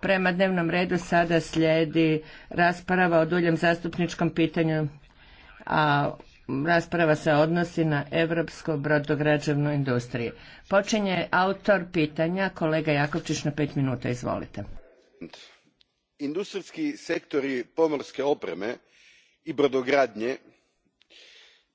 Prema dnevnom redu sada slijedi rasprava o duljem zastupničkom pitanju, a rasprava se odnosi na Europsku brodograđevnu industriju. Počinje autor pitanja, kolega Jakovčić na pet minuta, izvolite. Industrijski sektori pomorske opreme i brodogradnje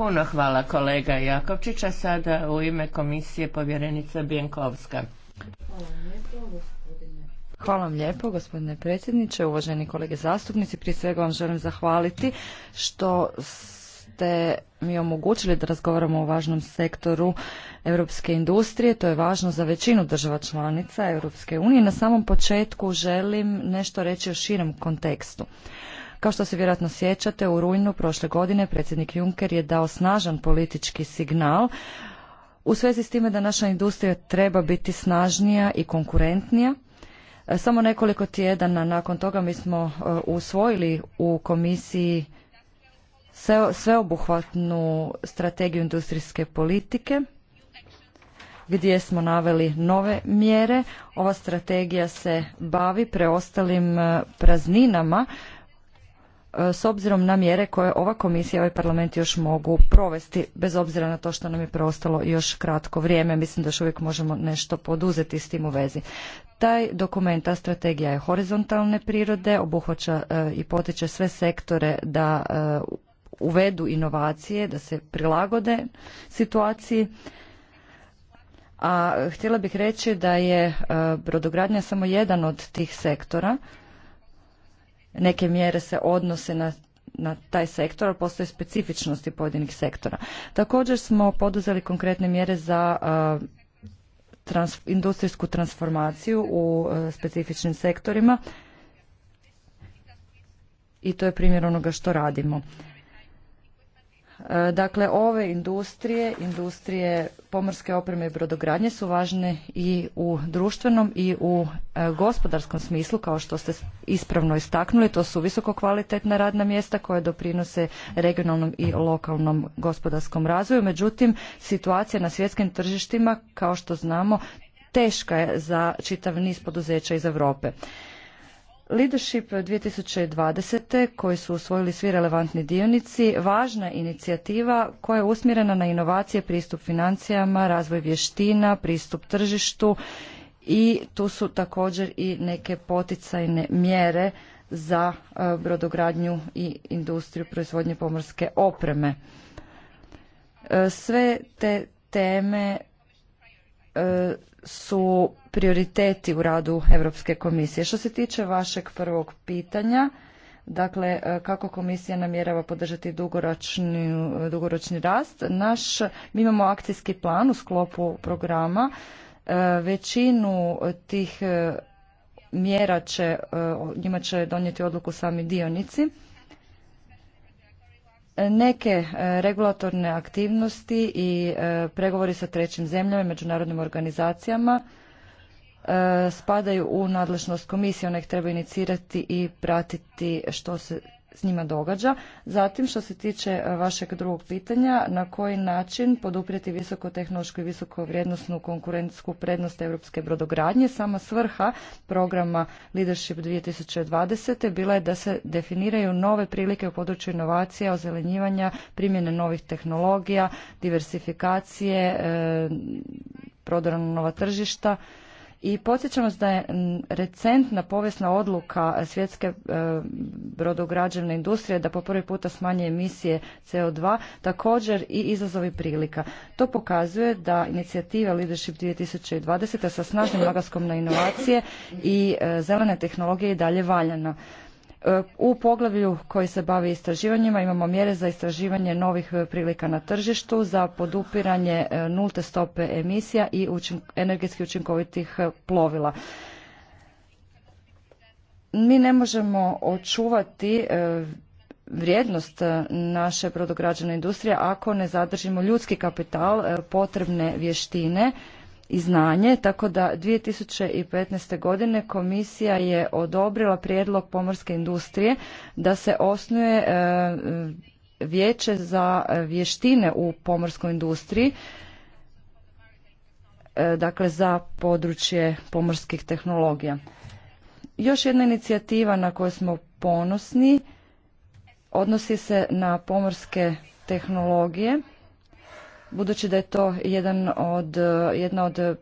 Puno hvala kolega Jakovčića. Sada u ime komisije povjerenica Bjenkovska. Hvala vam lijepo gospodine predsjedniče, uvaženi kolege zastupnici. Prije svega vam želim zahvaliti što ste mi omogućili da razgovaramo o važnom sektoru europske industrije. To je važno za većinu država članica Europske unije. Na samom početku želim nešto reći o širem kontekstu. Kao što se vjerojatno sjećate, u rujnu prošle godine predsjednik Juncker je dao snažan politički signal u svezi s time da naša industrija treba biti snažnija i konkurentnija. E, samo nekoliko tjedana nakon toga mi smo e, usvojili u komisiji sveobuhvatnu strategiju industrijske politike gdje smo naveli nove mjere. Ova strategija se bavi preostalim e, prazninama E, s obzirom na mjere koje ova komisija i ovaj parlament još mogu provesti, bez obzira na to što nam je preostalo još kratko vrijeme, mislim da još uvijek možemo nešto poduzeti s tim u vezi. Taj dokument, ta strategija je horizontalne prirode, obuhvaća e, i potiče sve sektore da e, uvedu inovacije, da se prilagode situaciji. A htjela bih reći da je brodogradnja samo jedan od tih sektora neke mjere se odnose na taj sektor, ali postoje specifičnosti pojedinih sektora. Također smo poduzeli konkretne mjere za industrijsku transformaciju u specifičnim sektorima i to je primjer onoga što radimo. E, dakle, ove industrije, industrije pomorske opreme i brodogradnje su važne i u društvenom i u e, gospodarskom smislu, kao što ste ispravno istaknuli. To su visoko kvalitetna radna mjesta koja doprinose regionalnom i lokalnom gospodarskom razvoju. Međutim, situacija na svjetskim tržištima, kao što znamo, teška je za čitav niz poduzeća iz Europe. Leadership 2020. koji su usvojili svi relevantni dionici, važna inicijativa koja je usmjerena na inovacije, pristup financijama, razvoj vještina, pristup tržištu i tu su također i neke poticajne mjere za e, brodogradnju i industriju proizvodnje pomorske opreme. E, sve te teme e, su prioriteti u radu Europske komisije. Što se tiče vašeg prvog pitanja, dakle e, kako komisija namjerava podržati dugoročni, dugoročni rast, naš, mi imamo akcijski plan u sklopu programa, e, većinu tih e, mjera će, njima će donijeti odluku sami dionici Neke e, regulatorne aktivnosti i e, pregovori sa trećim zemljama i međunarodnim organizacijama e, spadaju u nadležnost komisije, ona ih treba inicirati i pratiti što se s njima događa. Zatim, što se tiče e, vašeg drugog pitanja, na koji način poduprijeti tehnološku i visokovrijednostnu konkurentsku prednost europske brodogradnje, sama svrha programa Leadership 2020. bila je da se definiraju nove prilike u području inovacija, ozelenjivanja, primjene novih tehnologija, diversifikacije, e, prodora na nova tržišta, i podsjećam vas da je recentna povijesna odluka e, svjetske e, brodograđevne industrije da po prvi puta smanje emisije CO2 također i izazovi prilika. To pokazuje da inicijativa Leadership 2020 sa snažnim naglaskom na inovacije i e, zelene tehnologije i dalje valjana. U poglavlju koji se bavi istraživanjima imamo mjere za istraživanje novih e, prilika na tržištu, za podupiranje e, nulte stope emisija i energetski učinkovitih e, plovila. Mi ne možemo očuvati vrijednost naše brodograđevne industrije ako ne zadržimo ljudski kapital, potrebne vještine i znanje, tako da 2015. godine komisija je odobrila prijedlog pomorske industrije da se osnuje e, vijeće za vještine u pomorskoj industriji, e, dakle za područje pomorskih tehnologija. Još jedna inicijativa na koju smo ponosni odnosi se na pomorske tehnologije budući da je to jedan od, jedna od e,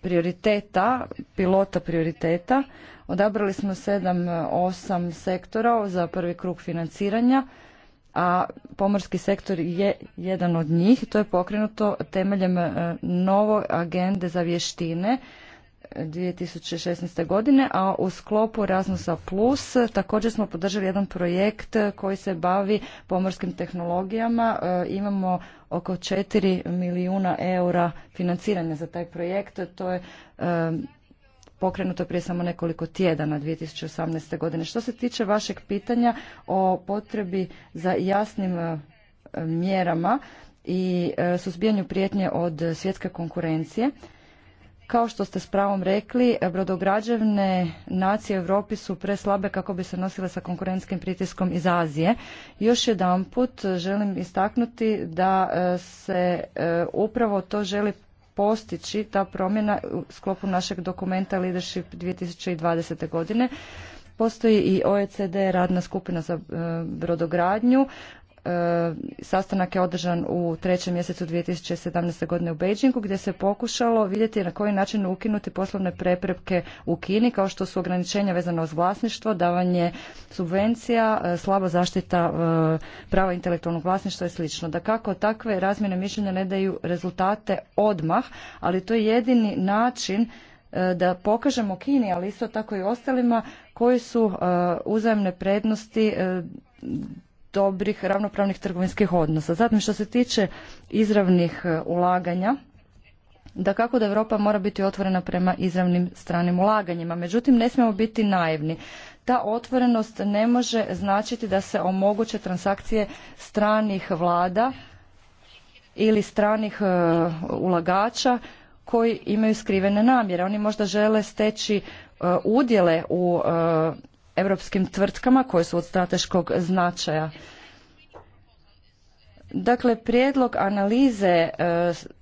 prioriteta, pilota prioriteta. Odabrali smo 7-8 sektora za prvi krug financiranja, a pomorski sektor je jedan od njih. To je pokrenuto temeljem e, nove agende za vještine 2016. godine, a u sklopu erasmusa Plus također smo podržali jedan projekt koji se bavi pomorskim tehnologijama. E, imamo oko 4 milijuna eura financiranja za taj projekt. To je e, pokrenuto prije samo nekoliko tjedana 2018. godine. Što se tiče vašeg pitanja o potrebi za jasnim e, mjerama i suzbijanju prijetnje od svjetske konkurencije, kao što ste s pravom rekli, brodograđevne nacije u Europi su preslabe kako bi se nosile sa konkurentskim pritiskom iz Azije. Još jedanput želim istaknuti da e, se e, upravo to želi postići ta promjena u sklopu našeg dokumenta Leadership 2020. godine. Postoji i OECD radna skupina za e, brodogradnju E, sastanak je održan u trećem mjesecu 2017. godine u Beijingu gdje se pokušalo vidjeti na koji način ukinuti poslovne prepreke u Kini kao što su ograničenja vezana uz vlasništvo, davanje subvencija, e, slaba zaštita e, prava intelektualnog vlasništva i slično. Da kako takve razmjene mišljenja ne daju rezultate odmah, ali to je jedini način da pokažemo Kini, ali isto tako i ostalima koji su uzajemne prednosti dobrih ravnopravnih trgovinskih odnosa. Zatim što se tiče izravnih e, ulaganja, da kako da Europa mora biti otvorena prema izravnim stranim ulaganjima. Međutim, ne smijemo biti naivni. Ta otvorenost ne može značiti da se omoguće transakcije stranih vlada ili stranih e, ulagača koji imaju skrivene namjere. Oni možda žele steći e, udjele u europskim tvrtkama koje su od strateškog značaja. Dakle, prijedlog analize e,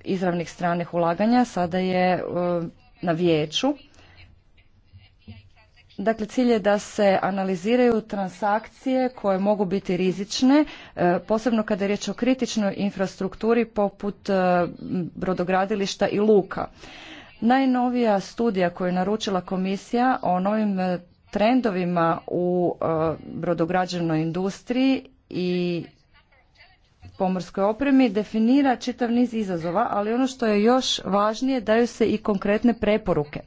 izravnih stranih ulaganja sada je e, na vijeću. Dakle, cilj je da se analiziraju transakcije koje mogu biti rizične, e, posebno kada je riječ o kritičnoj infrastrukturi poput brodogradilišta i luka. Najnovija studija koju je naručila komisija o novim trendovima u e, brodograđevnoj industriji i pomorskoj opremi definira čitav niz izazova, ali ono što je još važnije daju se i konkretne preporuke.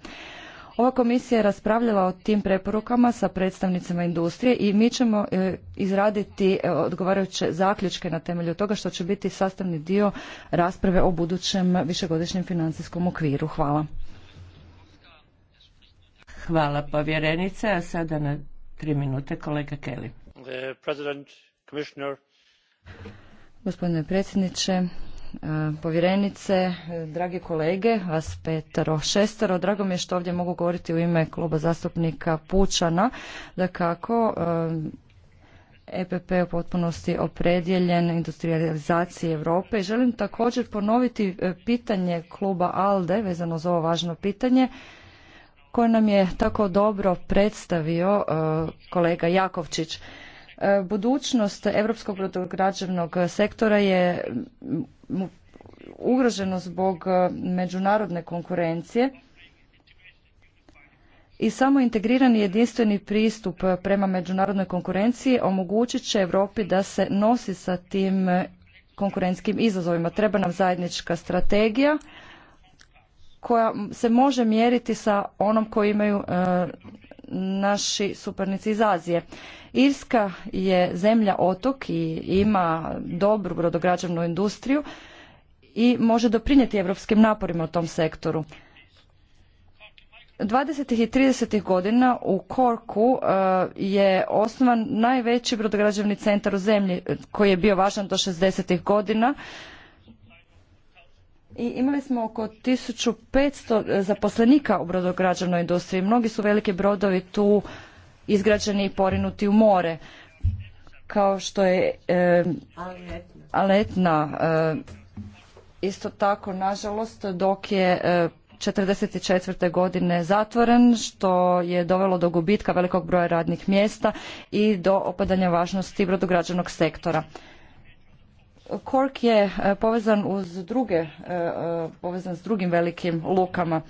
Ova komisija je raspravljala o tim preporukama sa predstavnicima industrije i mi ćemo e, izraditi e, odgovarajuće zaključke na temelju toga što će biti sastavni dio rasprave o budućem višegodišnjem financijskom okviru. Hvala. Hvala povjerenice, a sada na tri minute kolega Kelly. Gospodine predsjedniče, povjerenice, dragi kolege, vas petero, šestero, drago mi je što ovdje mogu govoriti u ime kluba zastupnika Pučana, da kako EPP je u potpunosti opredjeljen industrializaciji Europe i želim također ponoviti e, pitanje kluba ALDE vezano za ovo važno pitanje koje nam je tako dobro predstavio e, kolega Jakovčić. E, budućnost europskog brodograđevnog sektora je ugroženo zbog e, međunarodne konkurencije i samo integrirani jedinstveni pristup prema međunarodnoj konkurenciji omogućit će Europi da se nosi sa tim konkurentskim izazovima. Treba nam zajednička strategija koja se može mjeriti sa onom koju imaju e, naši suparnici iz Azije. Irska je zemlja otok i ima dobru brodograđevnu industriju i može doprinijeti europskim naporima u tom sektoru. 20. i 30. godina u Korku e, je osnovan najveći brodograđevni centar u zemlji koji je bio važan do 60. godina i imali smo oko 1500 e, zaposlenika u brodograđevnoj industriji. Mnogi su veliki brodovi tu izgrađeni i porinuti u more, kao što je e, Aletna. E, isto tako, nažalost, dok je e, 1944. godine zatvoren, što je dovelo do gubitka velikog broja radnih mjesta i do opadanja važnosti brodograđanog sektora. Kork je e, povezan uz druge, e, e, povezan s drugim velikim lukama.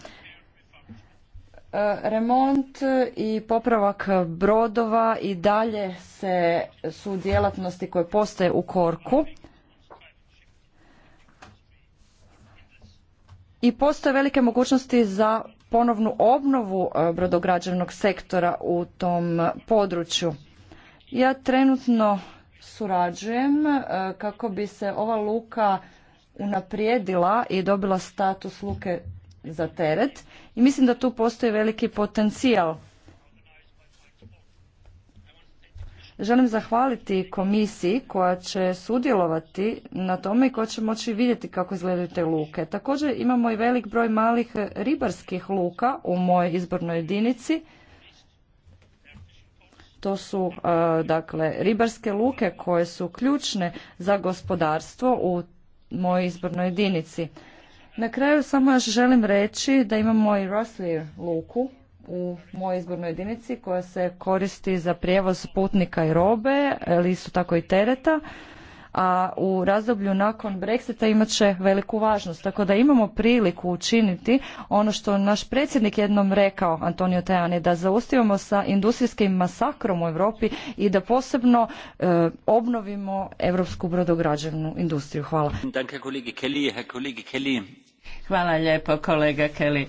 Remont i popravak brodova i dalje se su djelatnosti koje postoje u Korku. I postoje velike mogućnosti za ponovnu obnovu brodograđevnog sektora u tom području. Ja trenutno surađujem e, kako bi se ova luka unaprijedila i dobila status luke za teret i mislim da tu postoji veliki potencijal. Želim zahvaliti komisiji koja će sudjelovati na tome i koja će moći vidjeti kako izgledaju te luke. Također imamo i velik broj malih ribarskih luka u mojoj izbornoj jedinici to su e, dakle ribarske luke koje su ključne za gospodarstvo u mojoj izbornoj jedinici. Na kraju samo još želim reći da imamo i Roslier luku u mojoj izbornoj jedinici koja se koristi za prijevoz putnika i robe, ali isto tako i tereta a u razdoblju nakon Brexita imat će veliku važnost. Tako da imamo priliku učiniti ono što naš predsjednik jednom rekao, Antonio Tajani, da zaustavimo sa industrijskim masakrom u Europi i da posebno e, obnovimo europsku brodograđevnu industriju. Hvala. Hvala lijepo kolega Kelly.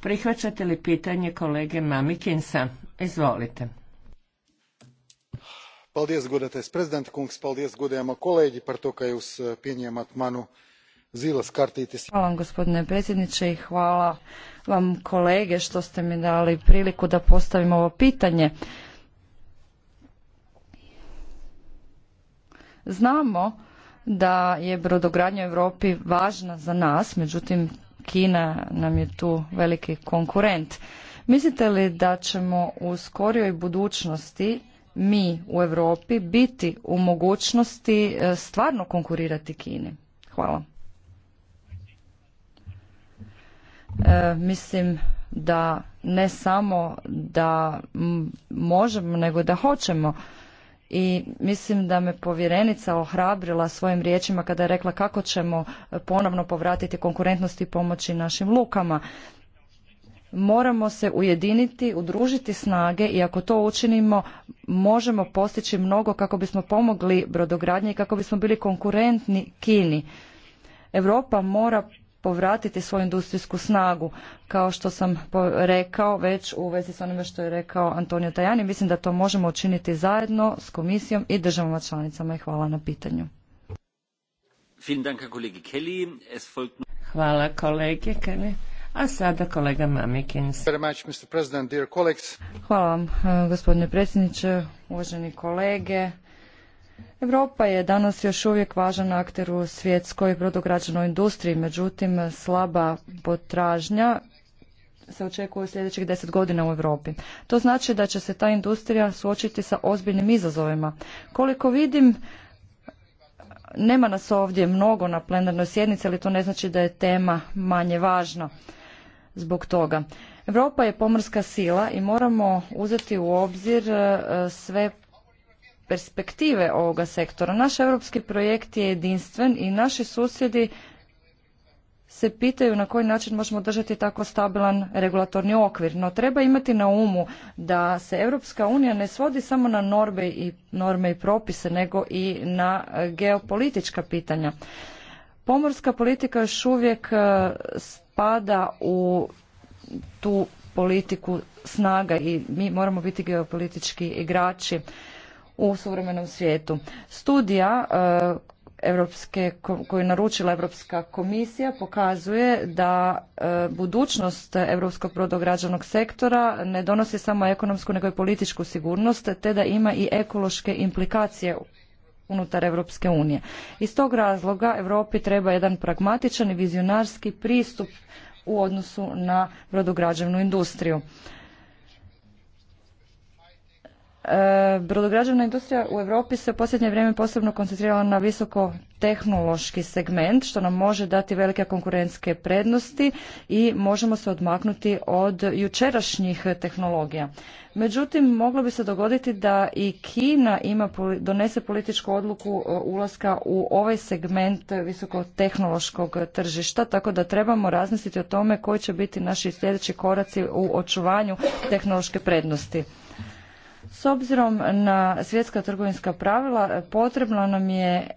Prihvaćate li pitanje kolege Mamikinsa? Izvolite godātais prezidenta kungs paldies godājamā kolēģi par to ka jūs eh, pieņēmāt manu Hvala vam gospodine predsjedniče i hvala vam kolege što ste mi dali priliku da postavim ovo pitanje. Znamo da je brodogradnja u Europi važna za nas, međutim Kina nam je tu veliki konkurent. Mislite li da ćemo u skorijoj budućnosti mi u Europi biti u mogućnosti e, stvarno konkurirati Kini? Hvala. E, mislim da ne samo da možemo, nego da hoćemo. I mislim da me povjerenica ohrabrila svojim riječima kada je rekla kako ćemo ponovno povratiti konkurentnost i pomoći našim lukama moramo se ujediniti, udružiti snage i ako to učinimo možemo postići mnogo kako bismo pomogli brodogradnji i kako bismo bili konkurentni Kini. Europa mora povratiti svoju industrijsku snagu. Kao što sam rekao već u vezi s onime što je rekao Antonio Tajani, mislim da to možemo učiniti zajedno s komisijom i državama članicama i hvala na pitanju. Hvala kolege Kelly. A sada kolega Mamikins. Hvala vam, eh, gospodine predsjedniče, uvaženi kolege. Europa je danas još uvijek važan akter u svjetskoj brodograđevnoj industriji, međutim slaba potražnja se očekuje u sljedećih deset godina u Europi. To znači da će se ta industrija suočiti sa ozbiljnim izazovima. Koliko vidim, nema nas ovdje mnogo na plenarnoj sjednici, ali to ne znači da je tema manje važna zbog toga. Europa je pomorska sila i moramo uzeti u obzir e, sve perspektive ovoga sektora. Naš europski projekt je jedinstven i naši susjedi se pitaju na koji način možemo držati tako stabilan regulatorni okvir. No treba imati na umu da se Europska unija ne svodi samo na norme i, norme i propise, nego i na geopolitička pitanja. Pomorska politika još uvijek e, pada u tu politiku snaga i mi moramo biti geopolitički igrači u suvremenom svijetu. Studija e, koju je naručila Europska komisija pokazuje da e, budućnost europskog prodograđanog sektora ne donosi samo ekonomsku nego i političku sigurnost te da ima i ekološke implikacije u unutar Europske unije. Iz tog razloga Europi treba jedan pragmatičan i vizionarski pristup u odnosu na brodograđevnu industriju. E, brodograđevna industrija u Europi se u posljednje vrijeme posebno koncentrirala na visoko tehnološki segment što nam može dati velike konkurentske prednosti i možemo se odmaknuti od jučerašnjih tehnologija. Međutim, moglo bi se dogoditi da i Kina ima, donese političku odluku e, ulaska u ovaj segment visokotehnološkog tržišta, tako da trebamo razmisliti o tome koji će biti naši sljedeći koraci u očuvanju tehnološke prednosti. S obzirom na svjetska trgovinska pravila e, potrebna nam je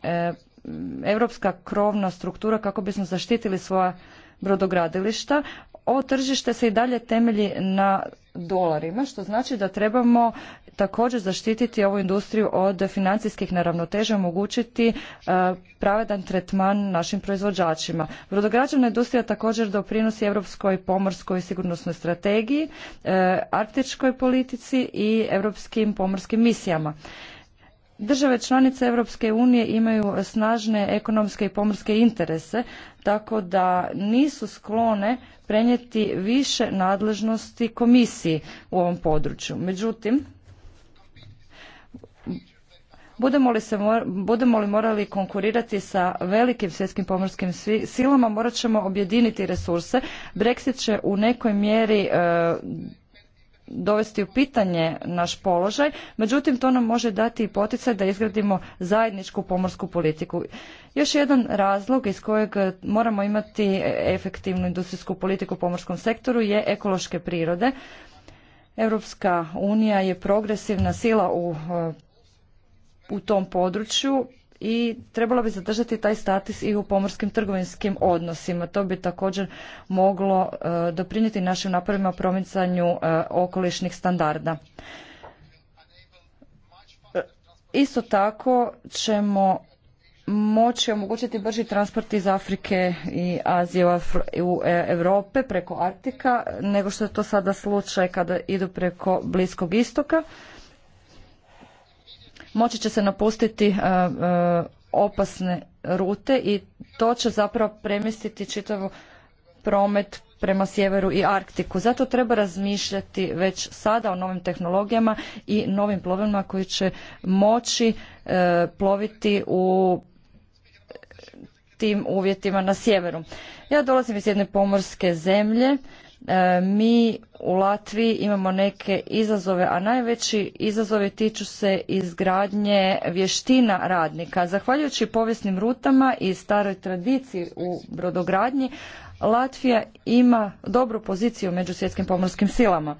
europska krovna struktura kako bismo zaštitili svoja brodogradilišta ovo tržište se i dalje temelji na dolarima, što znači da trebamo također zaštititi ovu industriju od financijskih neravnoteža, omogućiti e, pravedan tretman našim proizvođačima. Brodograđevna industrija također doprinosi europskoj pomorskoj sigurnosnoj strategiji, e, arktičkoj politici i europskim pomorskim misijama. Države članice Europske unije imaju snažne ekonomske i pomorske interese, tako da nisu sklone prenijeti više nadležnosti komisiji u ovom području. Međutim, budemo li, se, budemo li morali konkurirati sa velikim svjetskim pomorskim silama, morat ćemo objediniti resurse. Brexit će u nekoj mjeri e, dovesti u pitanje naš položaj, međutim to nam može dati i poticaj da izgradimo zajedničku pomorsku politiku. Još jedan razlog iz kojeg moramo imati efektivnu industrijsku politiku u pomorskom sektoru je ekološke prirode. Europska unija je progresivna sila u, u tom području i trebalo bi zadržati taj status i u pomorskim trgovinskim odnosima. To bi također moglo e, doprinijeti našim napravima promicanju e, okolišnih standarda. E, isto tako ćemo moći omogućiti brži transport iz Afrike i Azije u Europe preko Artika, nego što je to sada slučaj kada idu preko Bliskog istoka moći će se napustiti e, e, opasne rute i to će zapravo premjestiti čitav promet prema sjeveru i Arktiku. Zato treba razmišljati već sada o novim tehnologijama i novim plovima koji će moći e, ploviti u tim uvjetima na sjeveru. Ja dolazim iz jedne pomorske zemlje E, mi u Latviji imamo neke izazove, a najveći izazove tiču se izgradnje vještina radnika. Zahvaljujući povijesnim rutama i staroj tradiciji u brodogradnji, Latvija ima dobru poziciju među svjetskim pomorskim silama.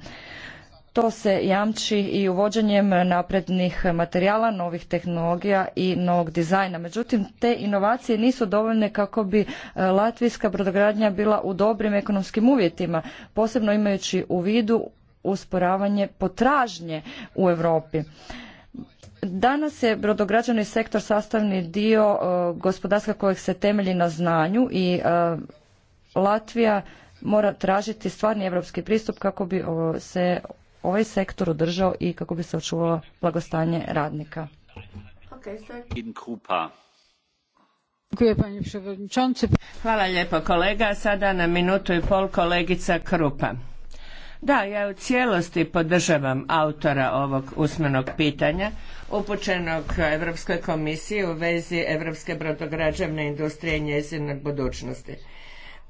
To se jamči i uvođenjem naprednih materijala, novih tehnologija i novog dizajna. Međutim, te inovacije nisu dovoljne kako bi e, latvijska brodogradnja bila u dobrim ekonomskim uvjetima, posebno imajući u vidu usporavanje potražnje u Europi. Danas je brodograđani sektor sastavni dio e, gospodarstva kojeg se temelji na znanju i e, Latvija mora tražiti stvarni europski pristup kako bi se ovaj sektor održao i kako bi se očuvalo blagostanje radnika. Hvala lijepo kolega. Sada na minutu i pol kolegica Krupa. Da, ja u cijelosti podržavam autora ovog usmenog pitanja upućenog Europskoj komisiji u vezi Europske brodograđevne industrije i njezinog budućnosti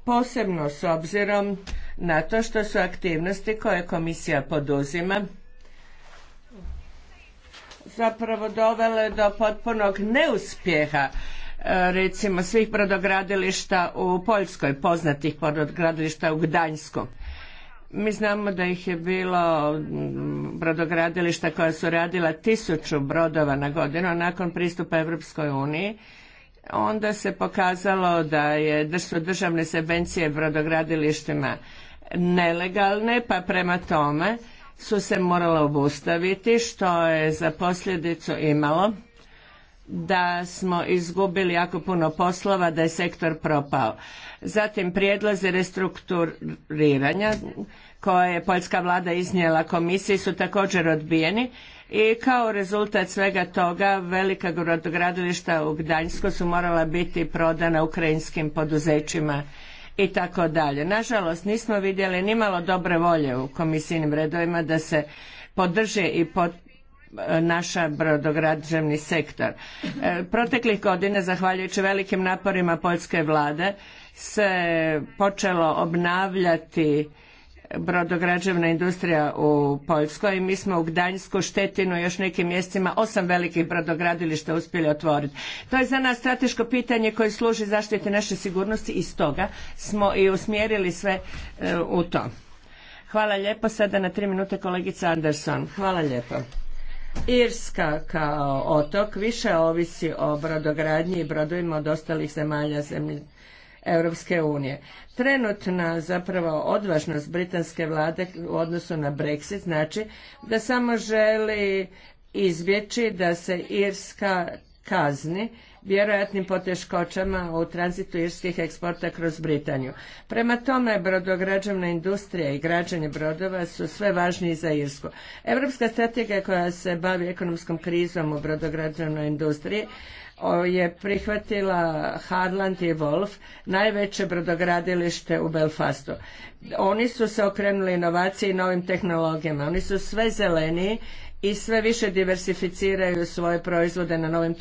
posebno s obzirom na to što su aktivnosti koje komisija poduzima zapravo dovele do potpunog neuspjeha e, recimo svih brodogradilišta u Poljskoj, poznatih brodogradilišta u Gdańsku. Mi znamo da ih je bilo mm, brodogradilišta koja su radila tisuću brodova na godinu, a nakon pristupa Europskoj uniji onda se pokazalo da je, da su državne subvencije brodogradilištima nelegalne, pa prema tome su se morale obustaviti, što je za posljedicu imalo da smo izgubili jako puno poslova, da je sektor propao. Zatim prijedlozi restrukturiranja koje je poljska vlada iznijela komisiji su također odbijeni i kao rezultat svega toga velika brodogradilišta u Gdańsku su morala biti prodana ukrajinskim poduzećima i tako dalje. Nažalost nismo vidjeli ni malo dobre volje u komisijnim redovima da se podrže i e, naša brodograđevni sektor. E, proteklih godina, zahvaljujući velikim naporima poljske vlade, se počelo obnavljati brodograđevna industrija u Poljskoj i mi smo u Gdanjsku, Štetinu i još nekim mjestima osam velikih brodogradilišta uspjeli otvoriti. To je za nas strateško pitanje koje služi zaštiti naše sigurnosti i stoga smo i usmjerili sve e, u to. Hvala lijepo. Sada na tri minute kolegica Anderson. Hvala lijepo. Irska kao otok više ovisi o brodogradnji i brodovima od ostalih zemalja zemlje Europske unije. Trenutna zapravo odvažnost britanske vlade u odnosu na Brexit znači da samo želi izbjeći da se Irska kazni vjerojatnim poteškoćama u tranzitu irskih eksporta kroz Britaniju. Prema tome, brodograđevna industrija i građenje brodova su sve važniji za Irsku. Europska strategija koja se bavi ekonomskom krizom u brodograđevnoj industriji je prihvatila Harland i Wolf, najveće brodogradilište u Belfastu. Oni su se okrenuli inovaciji i novim tehnologijama. Oni su sve zeleniji i sve više diversificiraju svoje proizvode na novim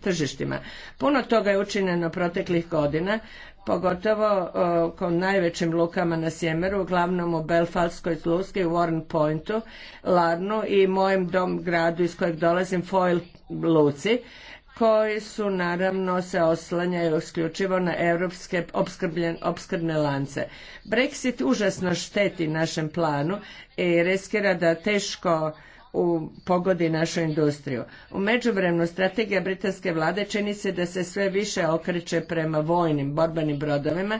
tržištima. Puno toga je učinjeno proteklih godina, pogotovo kod najvećim lukama na Sjemeru, uglavnom u Belfastskoj luski, u Warren Pointu, Larnu i mojem dom gradu iz kojeg dolazim, Foil Luci, koji su naravno se oslanjaju isključivo na europske opskrbne lance. Brexit užasno šteti našem planu i riskira da teško u, pogodi našu industriju. U međuvremenu strategija britanske vlade čini se da se sve više okreće prema vojnim borbenim brodovima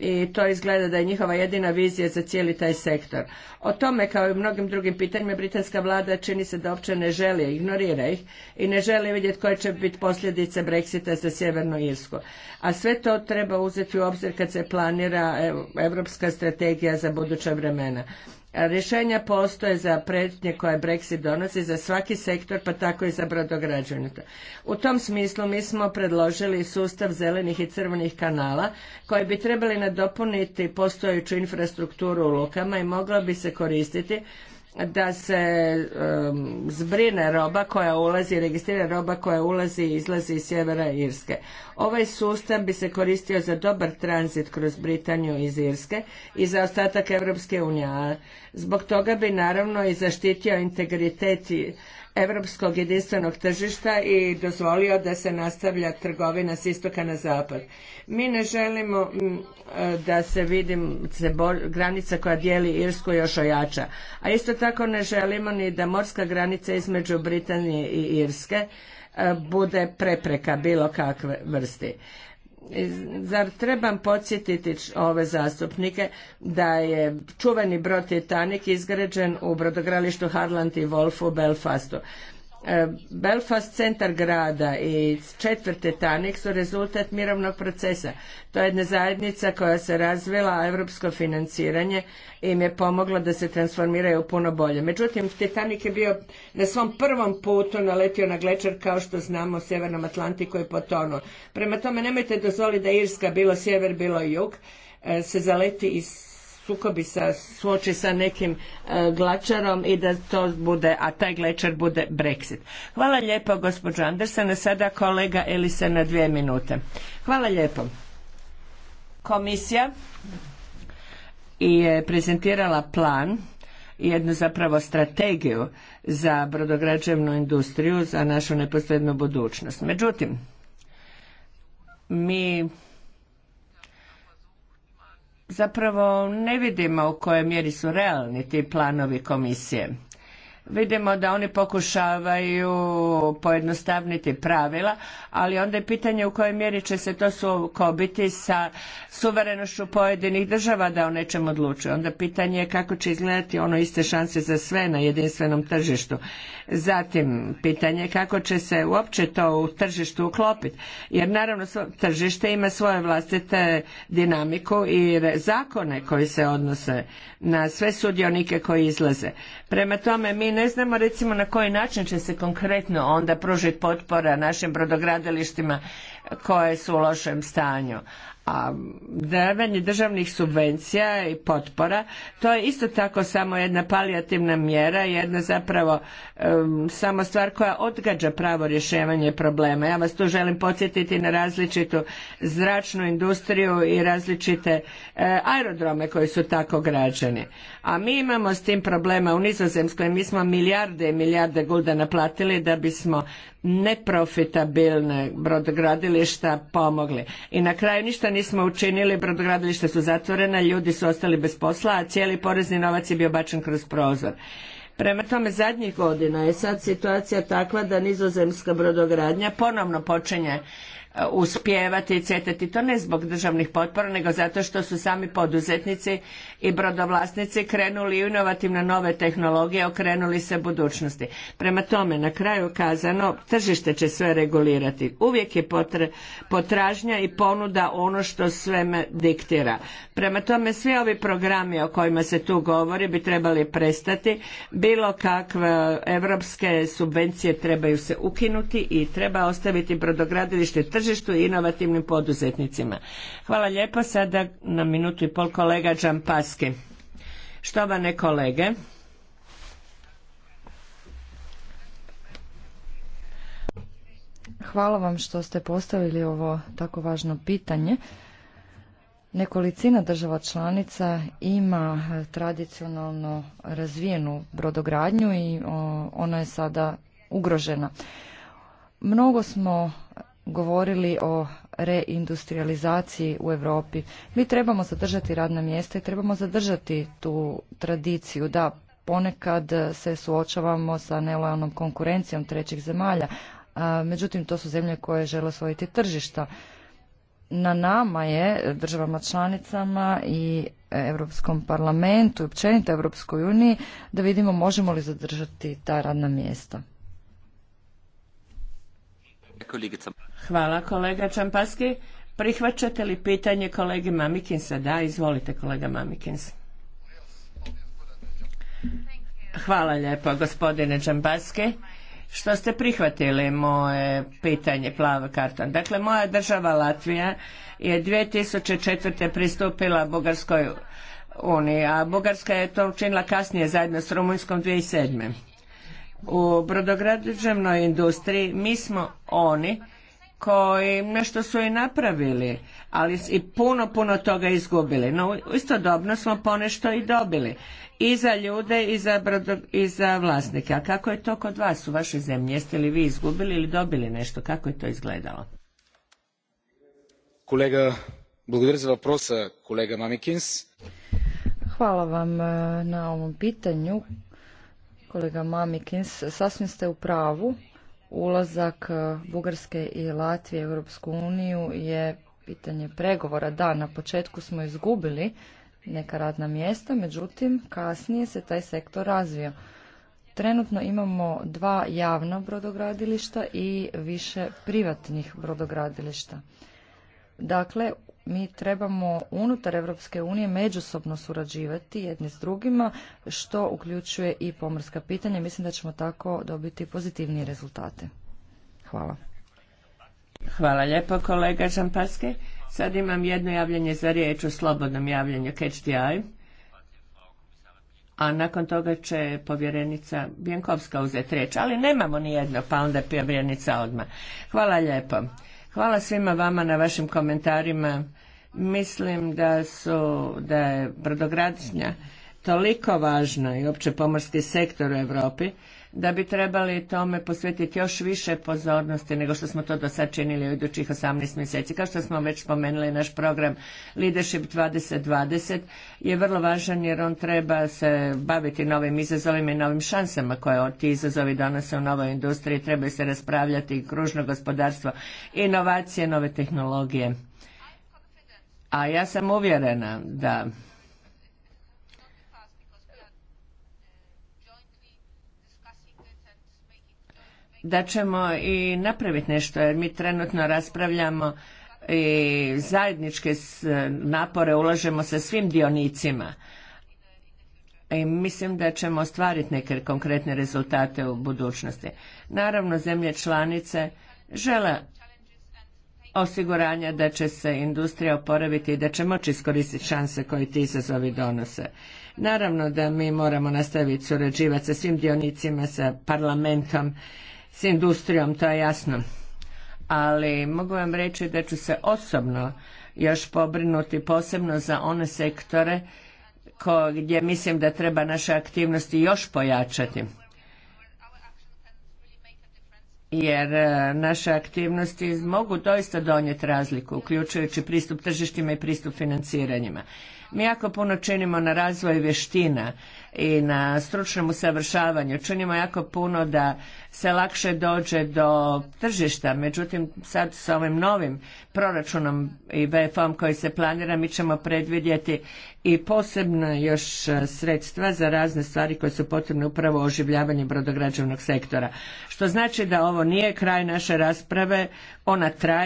i to izgleda da je njihova jedina vizija za cijeli taj sektor. O tome kao i mnogim drugim pitanjima britanska vlada čini se da uopće ne želi, ignorira ih i ne želi vidjeti koje će biti posljedice Brexita za Sjevernu Irsku. A sve to treba uzeti u obzir kad se planira europska strategija za buduća vremena. Rješenja postoje za pretnje koje Brexit donosi za svaki sektor, pa tako i za brodograđenje. U tom smislu mi smo predložili sustav zelenih i crvenih kanala koji bi trebali nadopuniti postojeću infrastrukturu u lukama i mogla bi se koristiti da se zbrine roba koja ulazi, registrira roba koja ulazi i izlazi iz sjevera Irske. Ovaj sustav bi se koristio za dobar tranzit kroz Britaniju iz Irske i za ostatak Europske unije. Zbog toga bi naravno i zaštitio integritet europskog jedinstvenog tržišta i dozvolio da se nastavlja trgovina s istoka na zapad. Mi ne želimo mm, e, da se vidim granica koja dijeli Irsku još ojača, a isto tako ne želimo ni da morska granica između Britanije i Irske e, bude prepreka bilo kakve vrsti. Zar trebam podsjetiti ove zastupnike da je čuveni brod Titanic izgrađen u brodogralištu Harland i Wolf u Belfastu. E, Belfast centar grada i četvrte Tanik su rezultat mirovnog procesa. To je jedna zajednica koja se razvila, a evropsko financiranje im je pomoglo da se transformiraju puno bolje. Međutim, Titanik je bio na svom prvom putu naletio na Glečar kao što znamo, u Sjevernom Atlantiku je potonuo. Prema tome, nemojte dozvoliti da Irska, bilo sjever, bilo jug, e, se zaleti iz sukobi sa, suoči sa nekim e, glačarom i da to bude, a taj glačar bude Brexit. Hvala lijepo gospođo Andersen, sada kolega Elisa na dvije minute. Hvala lijepo. Komisija je prezentirala plan jednu zapravo strategiju za brodograđevnu industriju, za našu neposrednu budućnost. Međutim, mi zapravo ne vidimo u kojoj mjeri su realni ti planovi komisije. Vidimo da oni pokušavaju pojednostavniti pravila, ali onda je pitanje u kojoj mjeri će se to sukobiti sa suverenošću pojedinih država da o nečem odlučuju. Onda pitanje je kako će izgledati ono iste šanse za sve na jedinstvenom tržištu. Zatim, pitanje je kako će se uopće to u tržištu uklopiti. Jer naravno tržište ima svoje vlastite dinamiku i zakone koji se odnose na sve sudionike koji izlaze. Prema tome mi ne znamo recimo na koji način će se konkretno onda pružiti potpora našim brodogradilištima koje su u lošem stanju a davanje državnih subvencija i potpora to je isto tako samo jedna palijativna mjera jedna zapravo um, samo stvar koja odgađa pravo rješavanje problema ja vas tu želim podsjetiti na različitu zračnu industriju i različite e, aerodrome koji su tako građeni a mi imamo s tim problema u nizozemskoj mi smo milijarde i milijarde gulda naplatili da bismo neprofitabilne brodogradilišta pomogli i na kraju ništa nismo učinili, brodogradilišta su zatvorena, ljudi su ostali bez posla, a cijeli porezni novac je bio bačen kroz prozor. Prema tome, zadnjih godina je sad situacija takva da nizozemska brodogradnja ponovno počinje e, uspijevati i cvjetati. To ne zbog državnih potpora, nego zato što su sami poduzetnici i brodovlasnici krenuli inovativno nove tehnologije, okrenuli se budućnosti. Prema tome, na kraju kazano, tržište će sve regulirati. Uvijek je potražnja i ponuda ono što sve diktira. Prema tome, svi ovi programi o kojima se tu govori bi trebali prestati. Bilo kakve eh, evropske subvencije trebaju se ukinuti i treba ostaviti brodogradilište tržištu i inovativnim poduzetnicima. Hvala lijepa. Sada na minutu i pol kolega Pas Mađarski. Štovane kolege, Hvala vam što ste postavili ovo tako važno pitanje. Nekolicina država članica ima e, tradicionalno razvijenu brodogradnju i ona je sada ugrožena. Mnogo smo govorili o reindustrializaciji u Europi. Mi trebamo zadržati radna mjesta i trebamo zadržati tu tradiciju da ponekad se suočavamo sa nelojalnom konkurencijom trećih zemalja. Međutim, to su zemlje koje žele osvojiti tržišta. Na nama je, državama članicama i Europskom parlamentu i općenito Europskoj uniji, da vidimo možemo li zadržati ta radna mjesta. Hvala kolega Čampaski. Prihvaćate li pitanje kolege Mamikinsa? Da, izvolite kolega Mamikins. Hvala lijepo gospodine Čampaski što ste prihvatili moje pitanje plava karton. Dakle, moja država Latvija je 2004. pristupila Bugarskoj uniji, a Bugarska je to učinila kasnije zajedno s Rumunjskom 2007. U brodograđevnoj industriji mi smo oni koji nešto su i napravili, ali i puno, puno toga izgubili. No, istodobno smo ponešto i dobili. I za ljude i za, brodo, i za vlasnike. A kako je to kod vas u vašoj zemlji? Jeste li vi izgubili ili dobili nešto? Kako je to izgledalo? Kolega, благодаря za kolega Mamikins. Hvala vam na ovom pitanju. Kolega Mamikins, sasvim ste u pravu. Ulazak e, Bugarske i Latvije u Europsku uniju je pitanje pregovora. Da, na početku smo izgubili neka radna mjesta, međutim kasnije se taj sektor razvio. Trenutno imamo dva javna brodogradilišta i više privatnih brodogradilišta. Dakle, mi trebamo unutar Europske unije međusobno surađivati jedni s drugima, što uključuje i pomorska pitanja. Mislim da ćemo tako dobiti pozitivnije rezultate. Hvala. Hvala lijepo kolega Žampaske. Sad imam jedno javljanje za riječ u slobodnom javljanju Catch the A nakon toga će povjerenica Bjenkovska uzeti riječ. Ali nemamo ni jedno, pa onda povjerenica odmah. Hvala lijepo. Hvala svima vama na vašim komentarima. Mislim da su, da je brodogradnja toliko važna i opće pomorski sektor u Europi da bi trebali tome posvetiti još više pozornosti nego što smo to do sad činili u idućih 18 mjeseci. Kao što smo već spomenuli, naš program Leadership 2020 je vrlo važan jer on treba se baviti novim izazovima i novim šansama koje ti izazovi donose u novoj industriji. Treba se raspravljati kružno gospodarstvo, inovacije, nove tehnologije. A ja sam uvjerena da da ćemo i napraviti nešto jer mi trenutno raspravljamo i zajedničke napore ulažemo sa svim dionicima i mislim da ćemo ostvariti neke konkretne rezultate u budućnosti. Naravno, zemlje članice žele osiguranja da će se industrija oporaviti i da će moći iskoristiti šanse koje ti izazovi donose. Naravno da mi moramo nastaviti surađivati sa svim dionicima, sa parlamentom s industrijom, to je jasno. Ali mogu vam reći da ću se osobno još pobrinuti posebno za one sektore ko, gdje mislim da treba naše aktivnosti još pojačati. Jer e, naše aktivnosti mogu doista donijeti razliku, uključujući pristup tržištima i pristup financiranjima. Mi jako puno činimo na razvoju vještina i na stručnom usavršavanju. Činimo jako puno da se lakše dođe do tržišta. Međutim, sad s ovim novim proračunom i VF-om koji se planira, mi ćemo predvidjeti i posebna još e, sredstva za razne stvari koje su potrebne upravo oživljavanju brodograđevnog sektora. Što znači da ovo nije kraj naše rasprave, ona traje